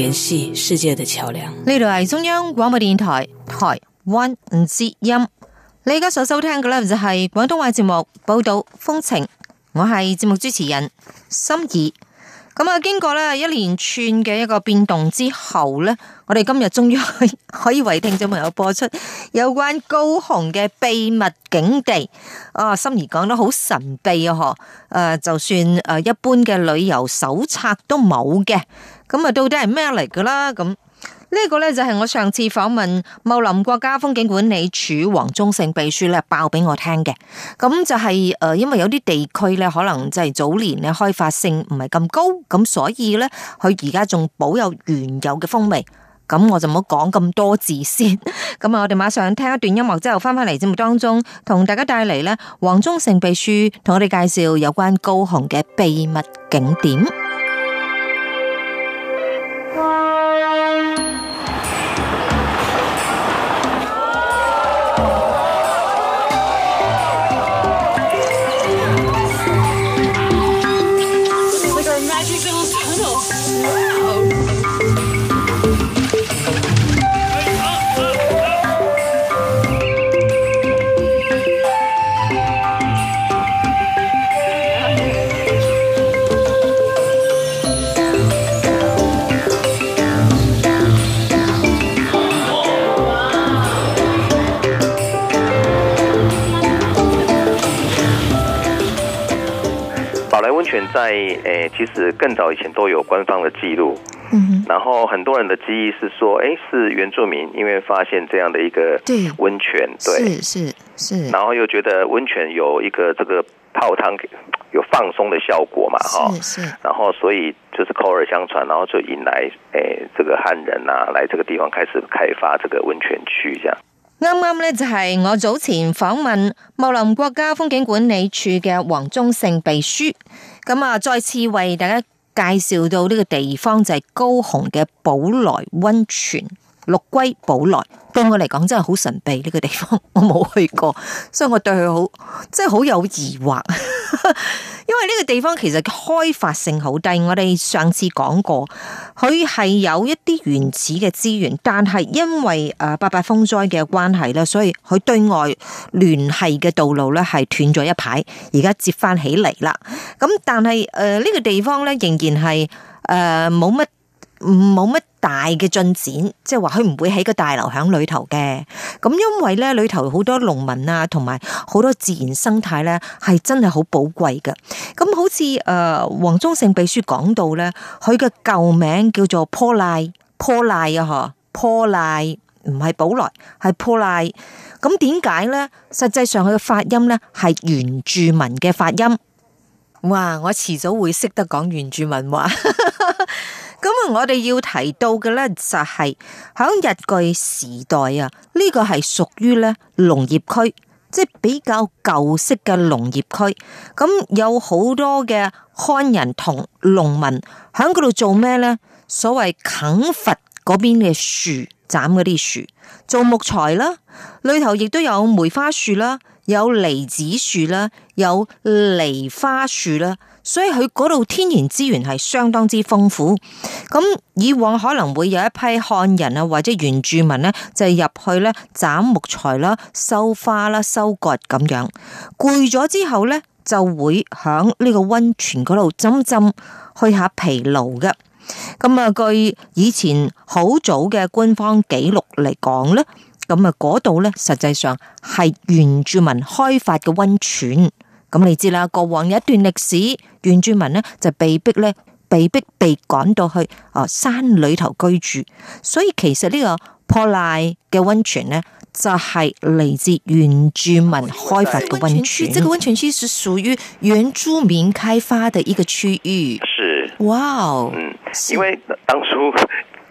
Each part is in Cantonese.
聯繫世界的橋樑。呢度係中央廣播電台台灣之音。你而家所收聽嘅咧就係廣東話節目報導風情。我係節目主持人心儀。咁啊，經過咧一連串嘅一個變動之後咧，我哋今日終於可以， 可以為聽眾朋友播出有關高雄嘅秘密景地。哦、啊，心儀講得好神秘啊！嗬，誒，就算誒一般嘅旅遊手冊都冇嘅。咁啊，到底係咩嚟噶啦？咁、這、呢個呢，就係我上次訪問茂林國家風景管理處黃宗盛秘書咧，爆俾我聽嘅。咁、嗯、就係、是、誒、呃，因為有啲地區咧，可能就係早年咧開發性唔係咁高，咁所以呢，佢而家仲保有原有嘅風味。咁、嗯、我就唔好講咁多字先。咁 啊、嗯，我哋馬上聽一段音樂之後，翻返嚟節目當中，同大家帶嚟呢黃宗盛秘書同我哋介紹有關高雄嘅秘密景點。泉在誒，其實更早以前都有官方的記錄，嗯哼，然後很多人的記憶是說，誒，是原住民因為發現這樣的一個温泉，對，是是對是，是是然後又覺得温泉有一個這個泡湯有放鬆的效果嘛，哈，是，然後所以就是口耳相傳，然後就引來誒這個漢人呐、啊，來這個地方開始開發這個温泉區，這樣。啱啱咧就係我早前訪問茂林國家風景管理處嘅黃宗勝秘書，咁啊再次為大家介紹到呢個地方就係高雄嘅寶來溫泉。六龜寶來對我嚟講真係好神秘，呢個地方我冇去過，所以我對佢好即係好有疑惑。 因為呢個地方其實開發性好低，我哋上次講過，佢係有一啲原始嘅資源，但係因為誒八八風災嘅關係咧，所以佢對外聯繫嘅道路咧係斷咗一排，而家接翻起嚟啦。咁但係誒呢個地方咧仍然係誒冇乜冇乜。呃大嘅進展，即係話佢唔會喺個大樓喺裏頭嘅。咁因為咧裏頭好多農民啊，同埋好多自然生態咧，係真係好寶貴嘅。咁、嗯、好似誒、呃、黃宗聖秘書講到咧，佢嘅舊名叫做坡賴，坡賴啊嗬，坡賴唔係保萊，係坡賴。咁點解咧？實際上佢嘅發音咧係原住民嘅發音。哇！我遲早會識得講原住民話。 咁啊，我哋要提到嘅咧就係喺日據時代啊，呢、這個係屬於咧農業區，即、就、係、是、比較舊式嘅農業區。咁有好多嘅漢人同農民喺嗰度做咩咧？所謂砍伐嗰邊嘅樹，斬嗰啲樹做木材啦。裏頭亦都有梅花樹啦，有梨子樹啦，有梨花樹啦。所以佢嗰度天然資源係相當之豐富，咁以往可能會有一批漢人啊或者原住民呢，就係入去咧斬木材啦、收花啦、收割咁樣，攰咗之後呢，就會響呢個溫泉嗰度浸浸去下疲勞嘅。咁啊，據以前好早嘅官方記錄嚟講呢，咁啊嗰度呢，實際上係原住民開發嘅溫泉。咁、嗯、你知啦，過往有一段歷史，原住民咧就被逼咧，被逼被趕到去啊、呃、山裏頭居住，所以其實呢個破爛嘅温泉咧，就係、是、嚟自原住民開發嘅温泉。這個温泉區，這個温泉區是屬於原住民開發的一個區域。是。哇哦。嗯，是因為當初。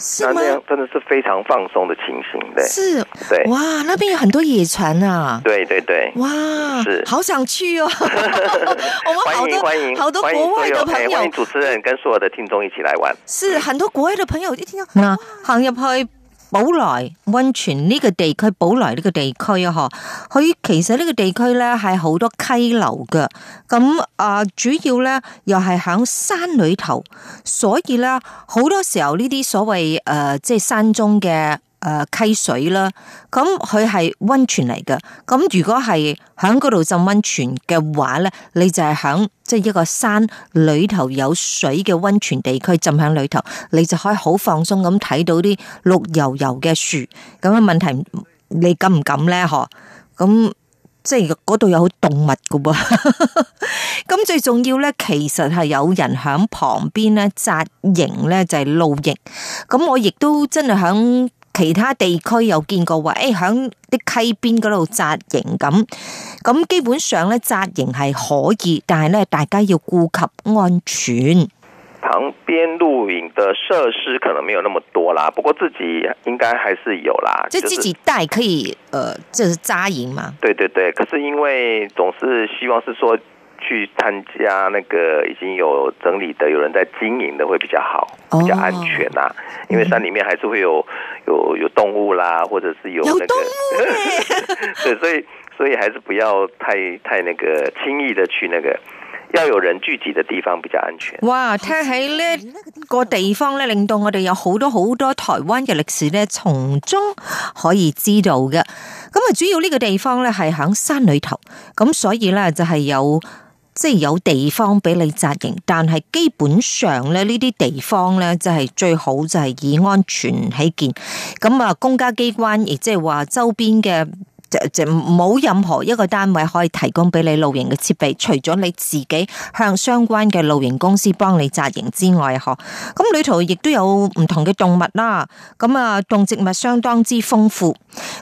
是嗎？那這樣真的是非常放鬆的情形。對，是，對，哇，那邊有很多野船啊。對對對，哇，是，好想去哦。我們歡迎歡迎，好多國外的朋友，歡迎主持人跟所有的聽眾一起來玩。是，很多國外的朋友一聽到那，行入去。寶來溫泉呢個地區，寶來呢個地區啊，嗬，佢其實呢個地區咧係好多溪流嘅，咁啊、呃、主要咧又係喺山裏頭，所以咧好多時候呢啲所謂誒即係山中嘅誒、呃、溪水啦，咁佢係溫泉嚟嘅，咁如果係喺嗰度浸溫泉嘅話咧，你就係喺。即係一個山裏頭有水嘅溫泉地區，浸喺裏頭，你就可以好放鬆咁睇到啲綠油油嘅樹。咁啊，問題你敢唔敢咧？嗬，咁即係嗰度有好動物噶噃。咁最重要咧，其實係有人喺旁邊咧紮營咧，就係露營。咁我亦都真係響。其他地區有見過話，誒、欸，響啲溪邊嗰度紮營咁，咁基本上咧紮營係可以，但係咧大家要顧及安全。旁邊露營的設施可能沒有那麼多啦，不過自己應該還是有啦。即係自己帶可以，誒、呃，即係紮營嘛。對對對，可是因為總是希望是說。去參加那個已經有整理的，有人在經營的會比較好，oh. 比較安全啊。因為山裏面還是會有有有動物啦，或者是有那個，有動物 所以所以還是不要太太那個輕易的去那個，要有人聚集的地方比較安全。哇，聽喺呢、嗯、個地方咧，令到我哋有好多好多台灣嘅歷史咧，從中可以知道嘅。咁啊，主要呢個地方咧係喺山裏頭，咁所以咧就係、是、有。即係有地方俾你紮營，但係基本上咧呢啲地方咧，就係最好就係以安全起見。咁啊，公家機關亦即係話周邊嘅，冇任何一個單位可以提供俾你露營嘅設備，除咗你自己向相關嘅露營公司幫你紮營之外，嗬，咁裏頭亦都有唔同嘅動物啦。咁啊，動植物相當之豐富。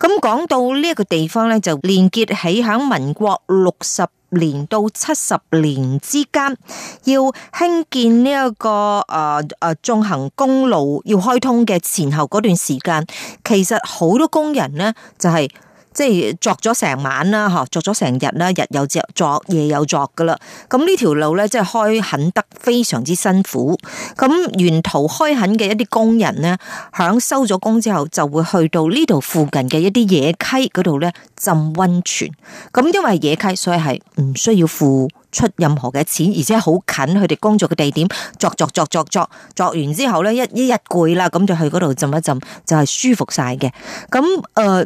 咁講到呢一個地方咧，就連結起響民國六十。年到七十年之間，要興建呢、這、一個誒誒縱行公路要開通嘅前後嗰段時間，其實好多工人咧就係、是。即係鑿咗成晚啦，嗬，鑿咗成日啦，日又鑿，夜又鑿噶啦。咁呢條路咧，即係開墾得非常之辛苦。咁沿途開墾嘅一啲工人咧，響收咗工之後，就會去到呢度附近嘅一啲野溪嗰度咧浸溫泉。咁因為野溪，所以係唔需要付出任何嘅錢，而且好近佢哋工作嘅地點。鑿鑿鑿鑿鑿，鑿完之後咧，一一日攰啦，咁就去嗰度浸一浸，就係、是、舒服晒嘅。咁誒。呃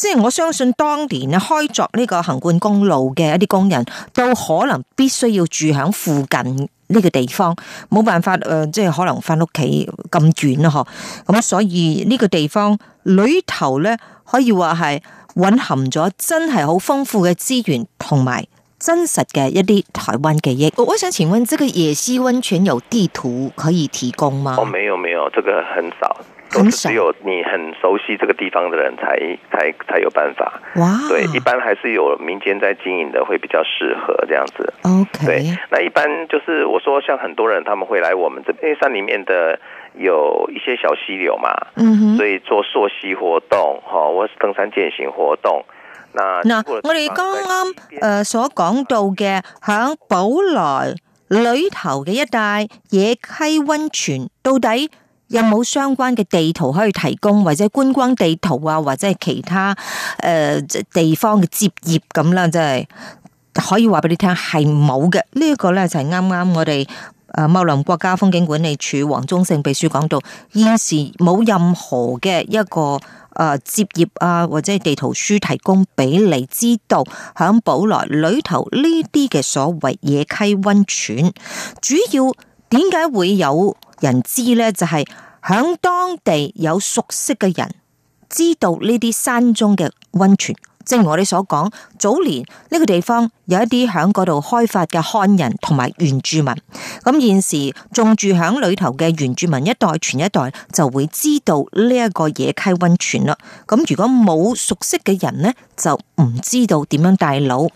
即係我相信當年咧開鑿呢個橫貫公路嘅一啲工人，都可能必須要住喺附近呢個地方，冇辦法誒、呃，即係可能翻屋企咁遠咯嗬。咁、嗯、所以呢個地方裏頭咧，可以話係蘊含咗真係好豐富嘅資源，同埋真實嘅一啲台灣記憶、哦。我想請問，即、這、係、個、夜市温泉有地圖可以提供嗎？哦，沒有沒有，這個很少。都是只有你很熟悉這個地方的人才才才有辦法。哇！對，一般還是有民間在經營的會比較適合這樣子。OK。那一般就是我說，像很多人他們會來我們這邊，因為山裏面的有一些小溪流嘛，所以做溯溪活動，哈，或登山健行活動。那我哋啱啱所講到嘅響寶來裏頭嘅一帶野溪溫泉到底，有冇相關嘅地圖可以提供，或者觀光地圖啊，或者係其他誒、呃、地方嘅接業咁啦？真係可以話俾你聽，係冇嘅。這個、呢一個咧就係啱啱我哋誒茂林國家風景管理處黃宗勝秘書講到，現時冇任何嘅一個誒、呃、接業啊，或者係地圖書提供俾你知道響寶來裏頭呢啲嘅所謂野溪溫泉，主要。點解會有人知呢？就係、是、響當地有熟悉嘅人知道呢啲山中嘅溫泉。正如我哋所講，早年呢個地方有一啲喺嗰度開發嘅漢人同埋原住民，咁現時仲住響裏頭嘅原住民一代傳一代就會知道呢一個野溪溫泉啦。咁如果冇熟悉嘅人呢，就唔知道點樣帶路。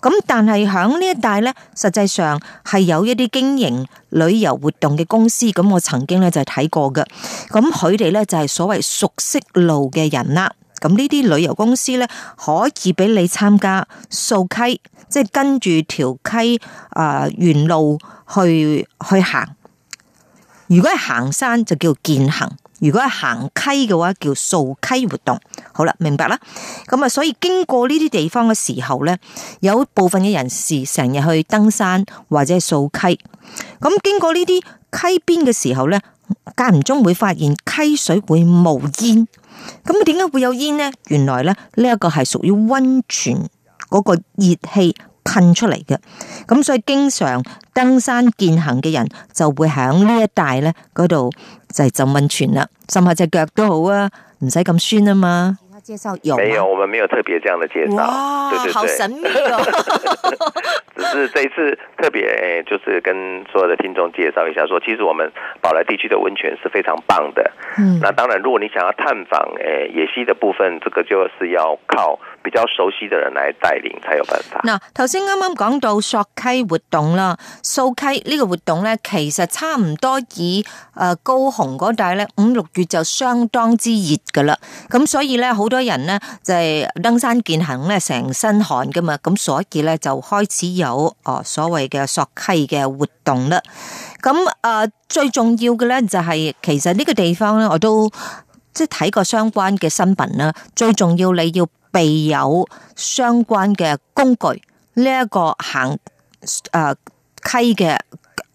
咁但係響呢一帶呢，實際上係有一啲經營旅遊活動嘅公司，咁我曾經咧就睇過嘅。咁佢哋咧就係所謂熟悉路嘅人啦。咁呢啲旅遊公司咧，可以俾你參加掃溪，即係跟住條溪啊，呃，沿路去去行。如果係行山就叫健行，如果係行溪嘅話叫掃溪活動。好啦，明白啦。咁啊，所以經過呢啲地方嘅時候咧，有部分嘅人士成日去登山或者係掃溪。咁經過呢啲溪邊嘅時候咧，間唔中會發現溪水會冒煙。咁點解會有煙呢？原來咧，呢一個係屬於温泉嗰個熱氣噴出嚟嘅，咁所以經常登山健行嘅人就會喺呢一帶咧嗰度就浸温泉啦，浸下隻腳都好啊，唔使咁酸啊嘛。介紹有嗎？沒有，我們沒有特別這樣的介紹。哇對對對，好神秘哦。 只是這一次特別，就是跟所有的聽眾介紹一下說，說其實我們寶來地區的溫泉是非常棒的。嗯，那當然，如果你想要探訪誒、欸、野溪的部分，這個就是要靠。比較熟悉嘅人嚟帶領，才有辦法。嗱，頭先啱啱講到索溪活動啦，索溪呢個活動咧，其實差唔多以誒高雄嗰帶咧五六月就相當之熱噶啦，咁所以咧好多人咧就係、是、登山健行咧成身汗噶嘛，咁所以咧就開始有哦所謂嘅索溪嘅活動啦。咁誒最重要嘅咧就係，其實呢個地方咧我都即係睇過相關嘅新聞啦。最重要、就是啊、最重要你要。備有相關嘅工具，呢一個行誒溪嘅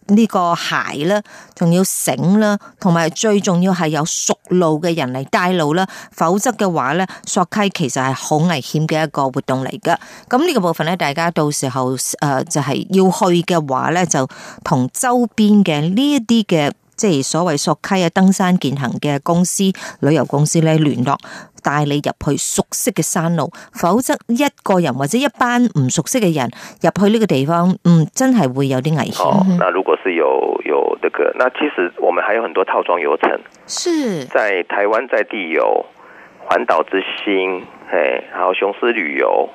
呢個鞋咧，仲要繩啦，同埋最重要係有熟路嘅人嚟帶路啦，否則嘅話咧，索溪其實係好危險嘅一個活動嚟噶。咁呢個部分咧，大家到時候誒就係要去嘅話咧，就同周邊嘅呢一啲嘅。即係所謂索溪啊、登山健行嘅公司、旅遊公司咧聯絡，帶你入去熟悉嘅山路，否則一個人或者一班唔熟悉嘅人入去呢個地方，嗯，真係會有啲危險。哦，那如果是有有呢、這個，那其實我們還有很多套裝遊程，是在台灣在地有環島之星，誒，然後雄獅旅遊，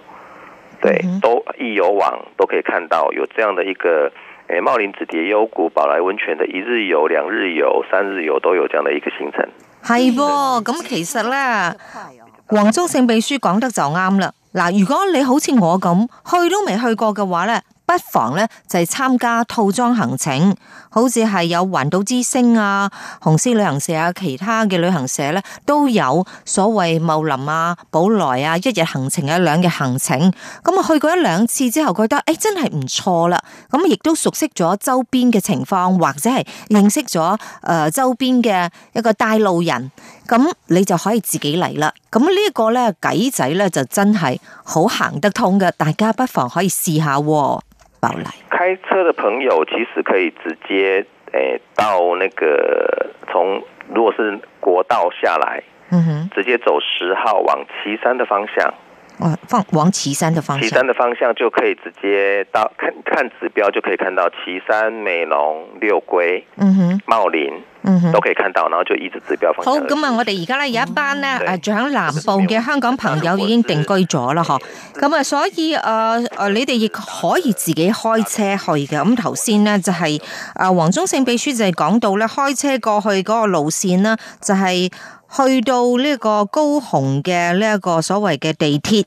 對，嗯、哼都易遊網都可以看到有這樣的一個。誒，茂林紫蝶幽谷、寶萊溫泉嘅一日遊、兩日遊、三日遊都有這樣的一個行程。係噃，咁其實呢，黃宗勝秘書講得就啱啦。嗱，如果你好似我咁去都未去過嘅話呢，不妨呢就係參加套裝行程。好似係有環島之星啊、紅獅旅行社啊、其他嘅旅行社咧，都有所謂茂林啊、寶萊啊，啊、一日行程啊、兩日行程。咁、嗯、啊，去過一兩次之後，覺得誒、哎、真係唔錯啦。咁、嗯、亦都熟悉咗周邊嘅情況，或者係認識咗誒、呃、周邊嘅一個帶路人。咁、嗯、你就可以自己嚟啦。咁、嗯這個、呢個咧計仔咧就真係好行得通嘅，大家不妨可以試下、啊。開車的朋友其實可以直接誒、欸，到那個從如果是國道下來，嗯哼，直接走十號往旗山的方向，哦，放往旗山的方向，旗山的方向就可以直接到，看看指標就可以看到旗山、美濃、六龜、嗯哼、茂林。嗯，都可以看到，然後就一直指標方向好，咁啊，嗯，我哋而家咧有一班咧，誒對，住喺，啊，南部嘅香港朋友已經定居咗啦，嗬，嗯。咁啊，所以誒誒，呃，你哋亦可以自己開車去嘅。咁頭先咧就係、是，誒，啊，黃宗勝秘書就係講到咧，開車過去嗰個路線啦，就係、是、去到呢個高雄嘅呢一個所謂嘅地鐵。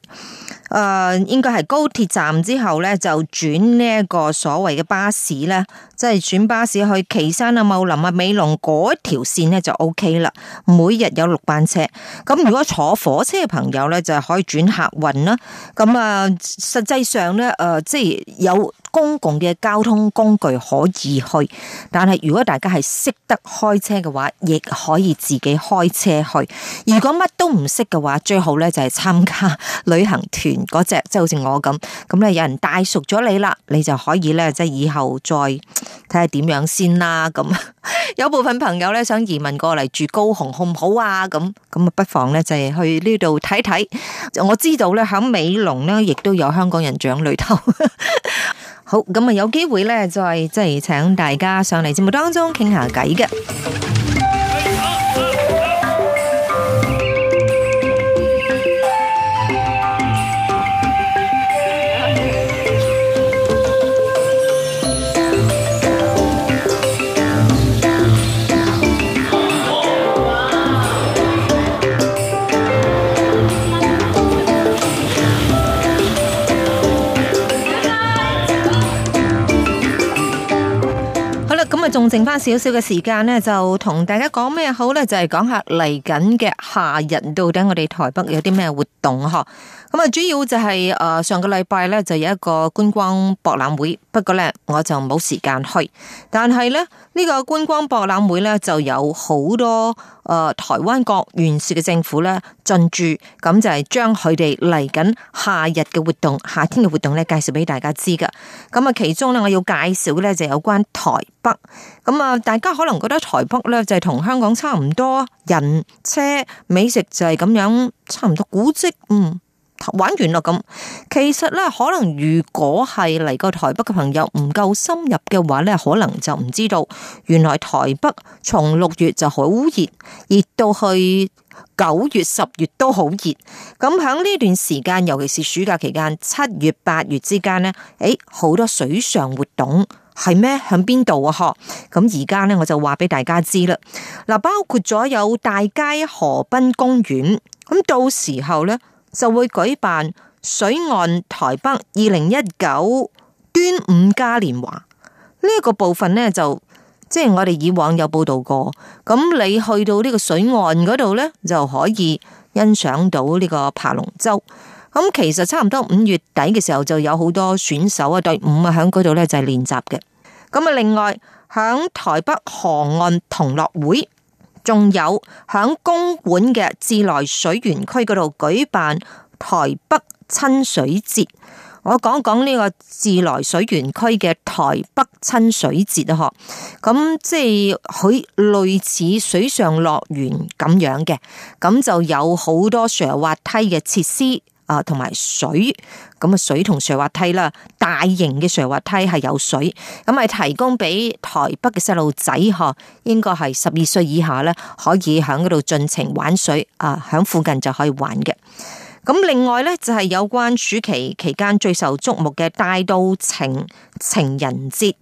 誒，uh, 應該係高鐵站之後咧，就轉呢一個所謂嘅巴士咧，即係轉巴士去旗山啊、茂林啊、美龍嗰條線咧就 OK 啦。每日有六班車，咁如果坐火車嘅朋友咧就可以轉客運啦。咁啊，實際上咧誒、呃，即係有。公共嘅交通工具可以去，但係如果大家係識得開車嘅話，亦可以自己開車去。如果乜都唔識嘅話，最好咧就係參加旅行團嗰隻，即係好似我咁。咁咧有人帶熟咗你啦，你就可以咧即係以後再睇下點樣先啦。咁有部分朋友咧想移民過嚟住高雄，好唔好啊？咁咁啊，不妨咧就係去呢度睇睇。我知道咧響美龍咧，亦都有香港人長旅頭。 好，咁啊，有機會咧，再即係請大家上嚟節目當中傾下偈嘅。仲剩翻少少嘅時間咧，就同大家講咩好咧？就係講下嚟緊嘅夏日，到底我哋台北有啲咩活動？嗬，咁啊，主要就係誒，上個禮拜咧就有一個觀光博覽會。不過咧，我就冇時間去。但係呢，呢、這個觀光博覽會呢，就有好多誒、呃、台灣各縣市嘅政府呢進駐，咁就係將佢哋嚟緊夏日嘅活動、夏天嘅活動呢介紹俾大家知噶。咁啊，其中呢，我要介紹呢就有關台北。咁啊，大家可能覺得台北呢，就係同香港差唔多，人車美食就係咁樣，差唔多古蹟，嗯。玩完啦咁，其實咧可能如果係嚟過台北嘅朋友唔夠深入嘅話咧，可能就唔知道原來台北從六月就好熱，熱到去九月十月都好熱。咁喺呢段時間，尤其是暑假期間，七月八月之間咧，誒，好多水上活動係咩？響邊度啊？嗬！咁而家咧我就話俾大家知啦。嗱，包括咗有大佳河濱公園，咁到時候咧。就會舉辦水岸台北二零一九端午嘉年華呢一個部分呢，就即係我哋以往有報道過，咁你去到呢個水岸嗰度呢，就可以欣賞到呢個扒龍舟。咁其實差唔多五月底嘅時候就有好多選手啊隊伍啊喺嗰度呢，就係練習嘅。咁啊另外響台北河岸童樂會。仲有響公館嘅自來水園區嗰度舉辦台北親水節，我講講呢個自來水園區嘅台北親水節啊，嗬，咁即係佢類似水上樂園咁樣嘅，咁就有好多滑滑梯嘅設施。啊，同埋水，咁啊水同斜滑梯啦，大型嘅斜滑梯係有水，咁係提供俾台北嘅細路仔嗬，應該係十二歲以下咧，可以喺嗰度盡情玩水，啊，喺附近就可以玩嘅。咁另外咧就係有關暑期期間最受矚目嘅大稻埕情人節。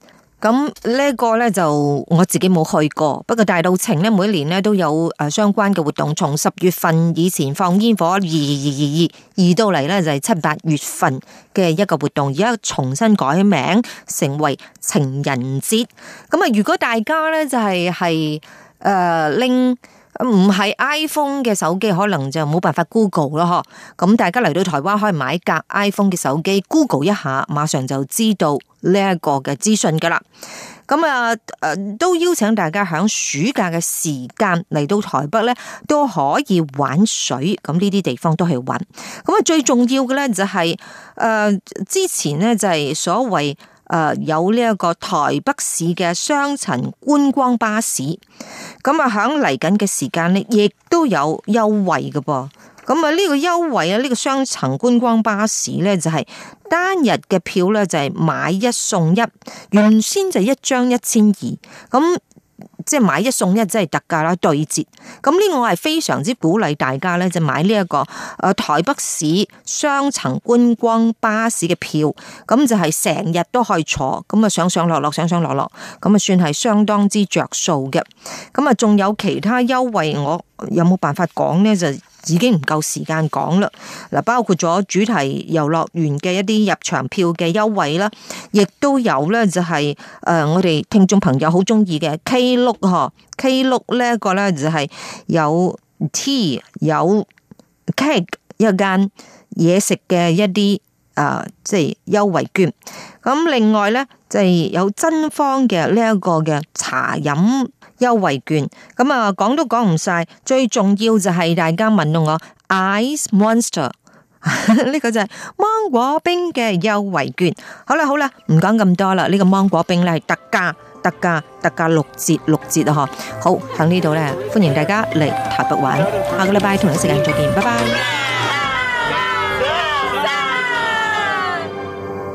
咁呢個咧，就我自己冇去過，不過大稻埕咧，每年咧，都有誒相關嘅活動，從十月份以前放煙火二二二二二到嚟咧，就係七八月份嘅一個活動，而家重新改名成為情人節。咁啊，如果大家咧就係係誒拎。唔係 iPhone 嘅手機，可能就冇辦法 Google 咯。嗬，咁大家嚟到台灣可以買一架 iPhone 嘅手機 Google 一下，馬上就知道呢一個嘅資訊噶啦。咁啊，誒、呃，都邀請大家喺暑假嘅時間嚟到台北咧，都可以玩水。咁呢啲地方都係玩。咁啊，最重要嘅咧就係、是、誒、呃，之前咧就係所謂。誒、呃，有呢一個台北市嘅雙層觀光巴士，咁啊，響嚟緊嘅時間呢，亦都有優惠嘅噃。咁啊呢個優惠啊呢、這個雙層觀光巴士呢，就係、是、單日嘅票呢，就係、是、買一送一，原先就一張一千二，咁。即係買一送一，即係特價啦，對折。咁呢個我係非常之鼓勵大家咧，就買呢一個誒台北市雙層觀光巴士嘅票。咁就係成日都可以坐，咁啊上上落落，上上落落，咁啊算係相當之着數嘅。咁啊仲有其他優惠我。有冇辦法講咧？就已經唔夠時間講啦。嗱，包括咗主題遊樂園嘅一啲入場票嘅優惠啦，亦都有咧就係誒，我哋聽眾朋友好中意嘅 K 祿嗬，K 祿呢一個咧就係有 tea 有 cake 一間嘢食嘅一啲誒，即係優惠券。咁另外咧就係有珍芳嘅呢一個嘅茶飲優惠券咁啊，講都講唔晒，最重要就係大家問到我 Ice Monster 呢個就係芒果冰嘅優惠券。好啦好啦，唔講咁多啦，呢、這個芒果冰咧係特價、特價、特價六折六折啊！嗬，好喺呢度咧，歡迎大家嚟台北玩。下個禮拜同一時間再見，拜拜。